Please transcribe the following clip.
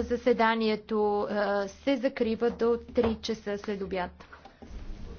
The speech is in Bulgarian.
Заседанието се закрива до 3 часа след обяд.